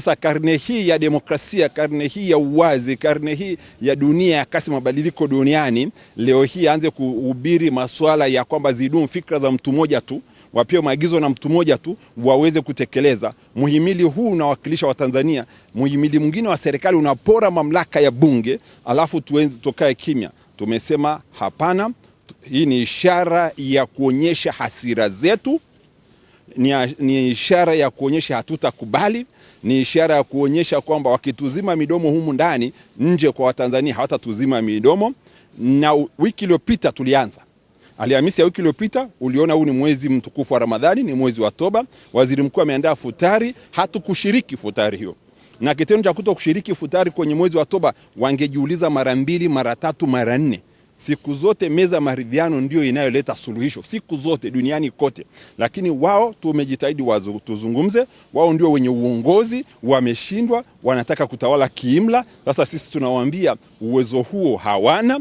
Sasa karne hii ya demokrasia, karne hii ya uwazi, karne hii ya dunia ya kasi mabadiliko duniani, leo hii aanze kuhubiri masuala ya kwamba zidumu fikra za mtu mmoja tu, wapewe maagizo na mtu mmoja tu waweze kutekeleza. Muhimili huu unawakilisha Watanzania. Muhimili mwingine wa serikali unapora mamlaka ya Bunge, alafu tuenzi tukae kimya. Tumesema hapana. Hii ni ishara ya kuonyesha hasira zetu ni ishara ya kuonyesha hatutakubali, ni ishara ya kuonyesha kwamba wakituzima midomo humu ndani, nje kwa Watanzania hawatatuzima midomo. Na wiki iliyopita tulianza Alhamisi ya wiki iliyopita uliona, huu ni mwezi mtukufu wa Ramadhani, ni mwezi wa toba. Waziri mkuu ameandaa futari, hatukushiriki futari hiyo, na kitendo cha kuto kushiriki futari kwenye mwezi wa toba, wangejiuliza mara mbili, mara tatu, mara nne Siku zote meza maridhiano ndio inayoleta suluhisho siku zote duniani kote, lakini wao tumejitahidi wazu, tuzungumze. Wao ndio wenye uongozi, wameshindwa, wanataka kutawala kiimla. Sasa sisi tunawaambia uwezo huo hawana.